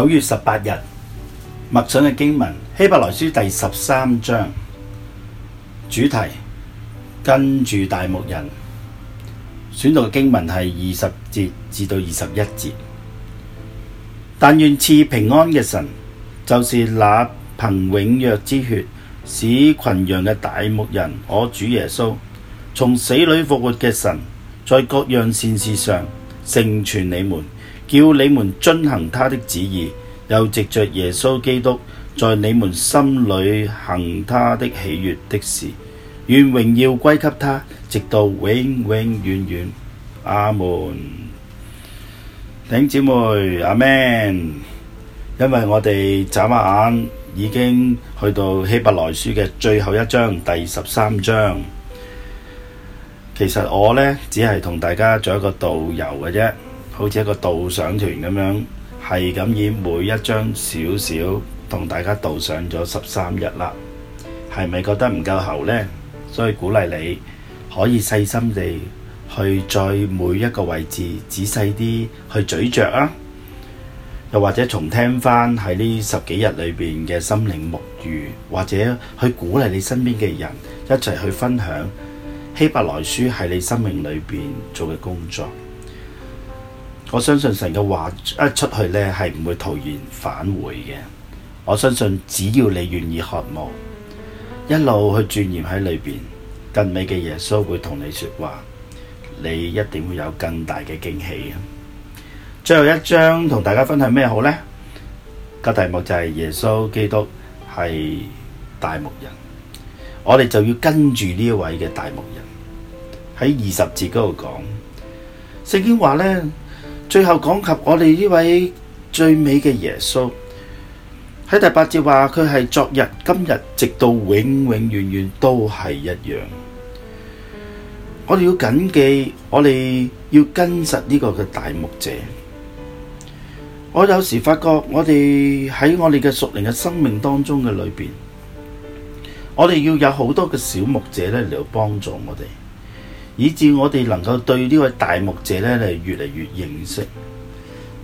九月十八日默想嘅經文《希伯來書》第十三章，主題跟住大牧人。選讀嘅經文係二十節至到二十一節。但願賜平安嘅神，就是那憑永約之血使群羊嘅大牧人，我主耶穌從死裏復活嘅神，在各樣善事上成全你們。叫你們遵行他的旨意，又藉着耶穌基督，在你們心裏行他的喜悦的事，願榮耀歸給他，直到永永遠遠。阿門。弟兄姐妹，阿門。因為我哋眨下眼已經去到希伯來書嘅最後一章第十三章。其實我呢，只係同大家做一個導遊嘅啫。好似一個導賞團咁樣，係咁以每一張少少同大家導賞咗十三日啦。係咪覺得唔夠喉呢？所以鼓勵你可以細心地去在每一個位置仔細啲去咀嚼啊。又或者重聽翻喺呢十幾日裏邊嘅心靈牧語，或者去鼓勵你身邊嘅人一齊去分享希伯來書喺你生命裏邊做嘅工作。我相信神嘅話一出去咧係唔會徒然返回嘅。我相信只要你願意渴慕，一路去鑽研喺裏邊，更美嘅耶穌會同你說話，你一定會有更大嘅驚喜。最後一章同大家分享咩好呢？這個題目就係耶穌基督係大牧人，我哋就要跟住呢一位嘅大牧人。喺二十節嗰度講聖經話咧，最後講及我哋呢位最美嘅耶穌，喺第八節話佢係昨日、今日，直到永永遠遠，遠都係一樣。我哋要謹記，我哋要跟實呢個嘅大牧者。我有時發覺，我哋喺我哋嘅屬靈嘅生命當中嘅裏邊，我哋要有好多嘅小牧者咧嚟幫助我哋。以至我哋能夠對呢位大牧者咧你越嚟越認識，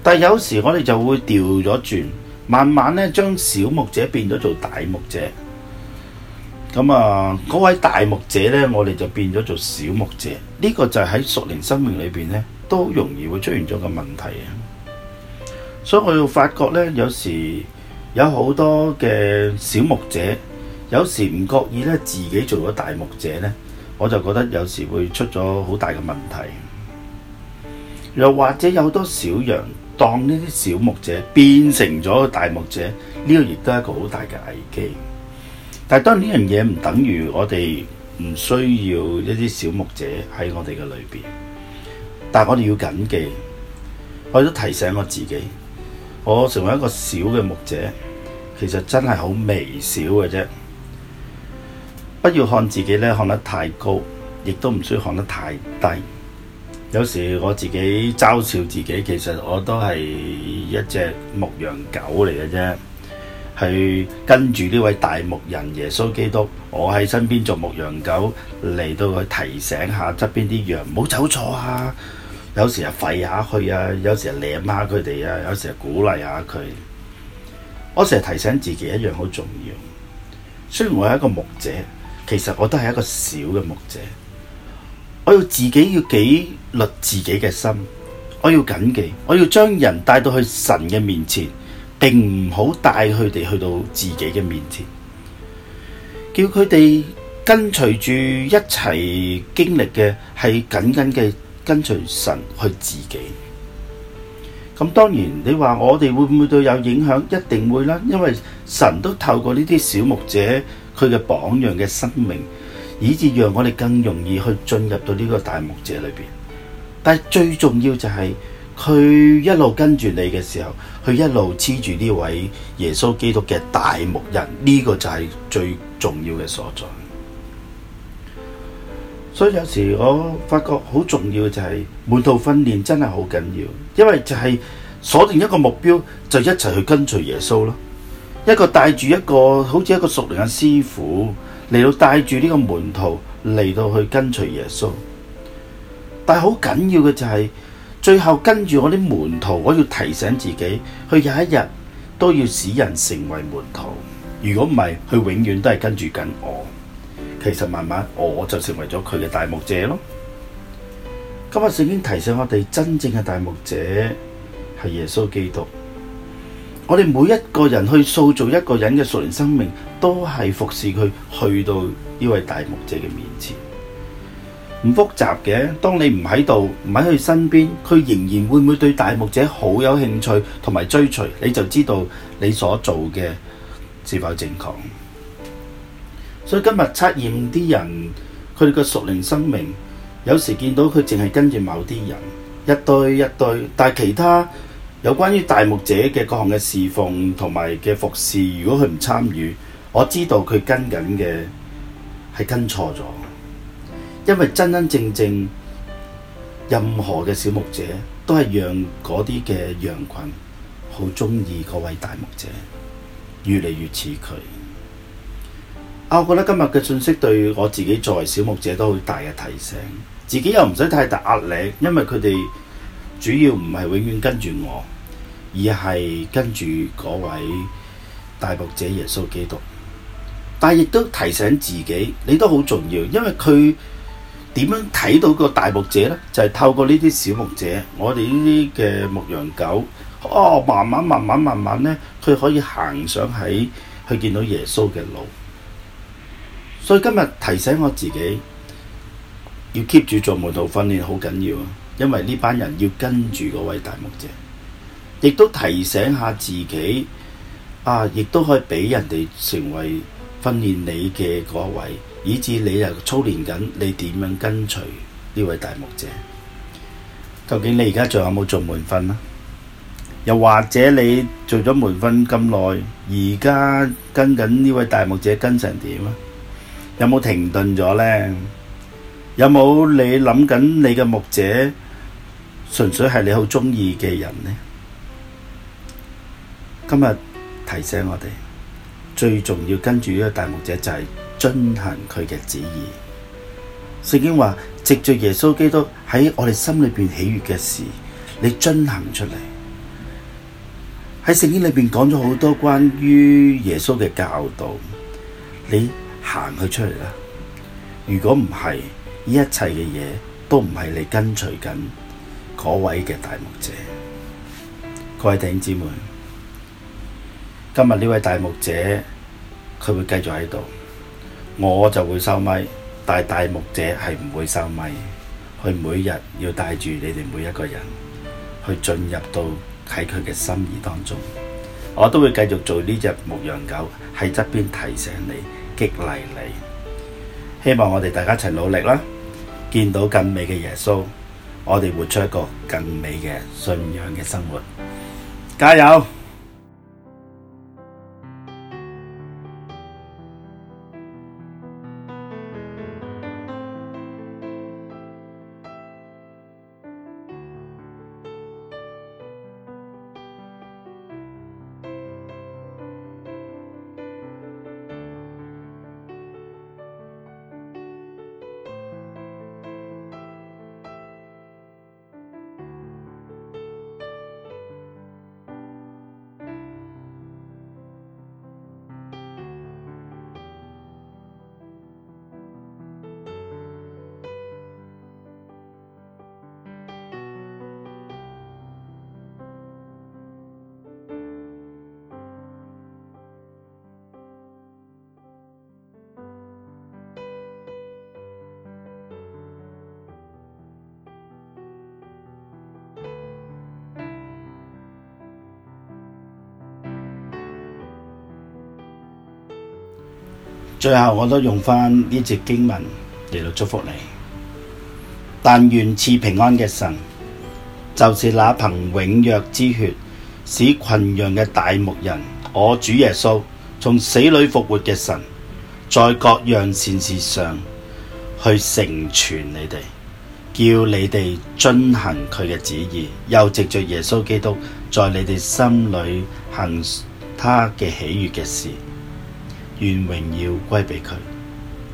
但有時我哋就會調咗轉，慢慢咧將小牧者變咗做大牧者，咁啊嗰位大牧者咧，我哋就變咗做小牧者，呢個就喺熟齡生命裏邊咧都容易會出現咗個問題啊！所以我要發覺咧，有時有好多嘅小牧者，有時唔覺意咧自己做咗大牧者咧。我就覺得有時會出咗好大嘅問題，又或者有好多小羊當呢啲小牧者變成咗大牧者，呢個亦都係一個好大嘅危機。但係當然呢樣嘢唔等於我哋唔需要一啲小牧者喺我哋嘅裏邊，但係我哋要緊記，我亦都提醒我自己，我成為一個小嘅牧者，其實真係好微小嘅啫。不要看自己咧，看得太高，亦都唔需要看得太低。有時我自己嘲笑自己，其實我都係一隻牧羊狗嚟嘅啫，去跟住呢位大牧人耶穌基督，我喺身邊做牧羊狗嚟到去提醒下側邊啲羊，唔好走錯啊！有時啊吠下去啊，有時啊舐下佢哋啊，有時啊鼓勵下佢。我成日提醒自己一樣好重要，雖然我係一個牧者。其實我都係一個小嘅牧者，我要自己要紀律自己嘅心，我要謹記，我要將人帶到去神嘅面前，並唔好帶佢哋去到自己嘅面前，叫佢哋跟隨住一齊經歷嘅係緊緊嘅跟隨神去自己。咁當然，你話我哋會唔會對有影響？一定會啦，因為神都透過呢啲小牧者。佢嘅榜樣嘅生命，以至讓我哋更容易去進入到呢個大牧者裏邊。但係最重要就係佢一路跟住你嘅時候，佢一路黐住呢位耶穌基督嘅大牧人，呢個就係最重要嘅所在。所以有時我發覺好重要就係門徒訓練真係好緊要，因為就係鎖定一個目標，就一齊去跟隨耶穌咯。一個帶住一個，好似一個熟練嘅師傅嚟到帶住呢個門徒嚟到去跟隨耶穌。但係好緊要嘅就係，最後跟住我啲門徒，我要提醒自己，佢有一日都要使人成為門徒。如果唔係，佢永遠都係跟住緊我。其實慢慢我就成為咗佢嘅大牧者咯。今日聖經提醒我哋，真正嘅大牧者係耶穌基督。我哋每一個人去塑造一個人嘅屬靈生命，都係服侍佢去到呢位大牧者嘅面前。唔複雜嘅，當你唔喺度，唔喺佢身邊，佢仍然會唔會對大牧者好有興趣同埋追隨，你就知道你所做嘅是否正確。所以今日測驗啲人，佢哋嘅屬靈生命，有時見到佢淨係跟住某啲人一堆一堆，但係其他。有關於大牧者嘅各項嘅侍奉同埋嘅服侍，如果佢唔參與，我知道佢跟緊嘅係跟錯咗，因為真真正正任何嘅小牧者都係讓嗰啲嘅羊群好鍾意嗰位大牧者，越嚟越似佢。啊，我覺得今日嘅信息對我自己作為小牧者都好大嘅提醒，自己又唔使太大壓力，因為佢哋主要唔係永遠跟住我。而係跟住嗰位大牧者耶穌基督，但係亦都提醒自己，你都好重要，因為佢點樣睇到個大牧者呢？就係、是、透過呢啲小牧者，我哋呢啲嘅牧羊狗，哦，慢慢、慢慢、慢慢呢，佢可以行上喺去，去見到耶穌嘅路。所以今日提醒我自己，要 keep 住做門徒訓練，好緊要啊！因為呢班人要跟住嗰位大牧者。亦都提醒下自己啊！亦都可以俾人哋成為訓練你嘅嗰位，以致你又操練緊你點樣跟隨呢位大牧者。究竟你而家仲有冇做門訓啦？又或者你做咗門訓咁耐，而家跟緊呢位大牧者跟成點啊？有冇停頓咗呢？有冇你諗緊你嘅牧者，純粹係你好中意嘅人呢？今日提醒我哋最重要跟住呢個大牧者就係遵行佢嘅旨意。聖經話，藉着耶穌基督喺我哋心裏邊喜悅嘅事，你遵行出嚟。喺聖經裏邊講咗好多關於耶穌嘅教導，你行佢出嚟啦。如果唔係，呢一切嘅嘢都唔係你跟隨緊嗰位嘅大牧者。各位弟兄姊妹。今日呢位大牧者，佢會繼續喺度，我就會收咪，但係大牧者係唔會收咪。佢每日要帶住你哋每一個人，去進入到喺佢嘅心意當中，我都會繼續做呢隻牧羊狗，喺側邊提醒你、激勵你，希望我哋大家一齊努力啦，見到更美嘅耶穌，我哋活出一個更美嘅信仰嘅生活，加油！最後我都用翻呢節經文嚟到祝福你，但願賜平安嘅神，就是那憑永約之血，使群羊嘅大牧人我主耶穌從死裏復活嘅神，在各樣善事上去成全你哋，叫你哋遵行佢嘅旨意，又藉着耶穌基督在你哋心裏行他嘅喜悅嘅事。願榮耀歸畀佢，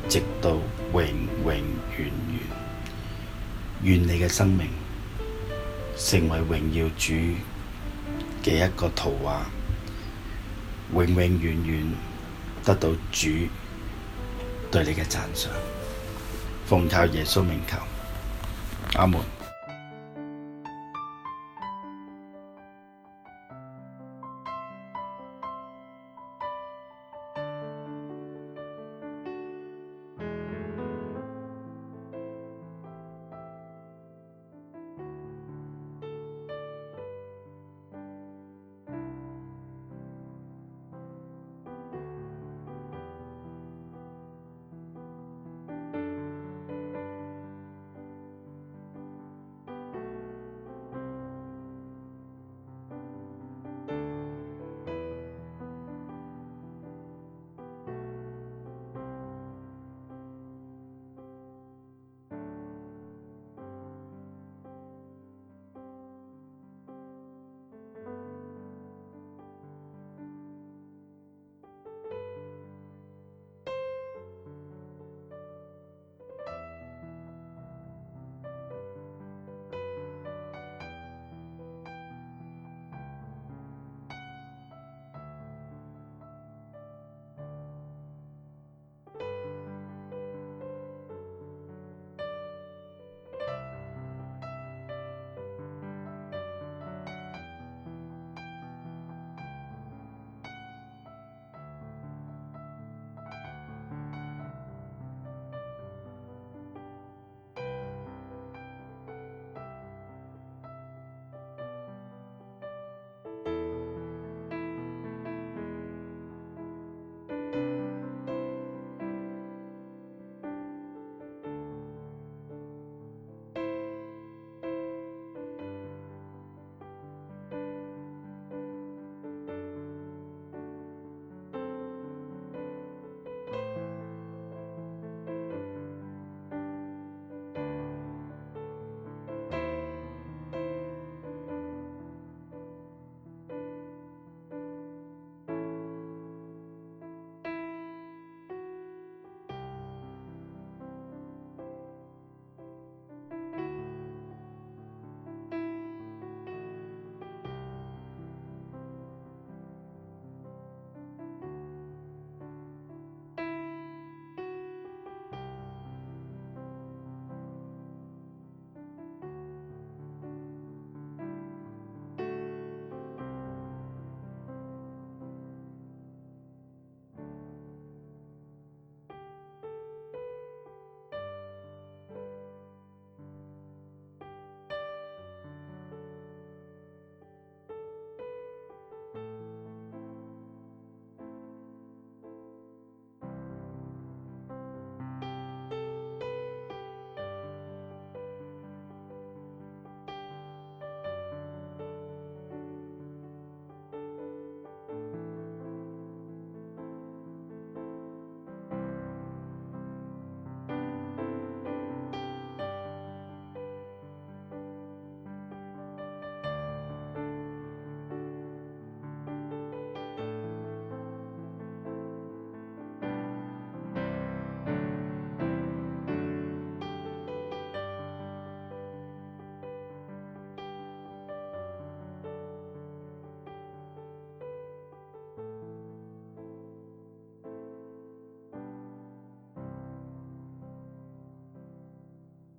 直到永永遠遠。願你嘅生命成為榮耀主嘅一個圖畫，永永遠遠得到主對你嘅讚賞。奉靠耶穌名求，阿門。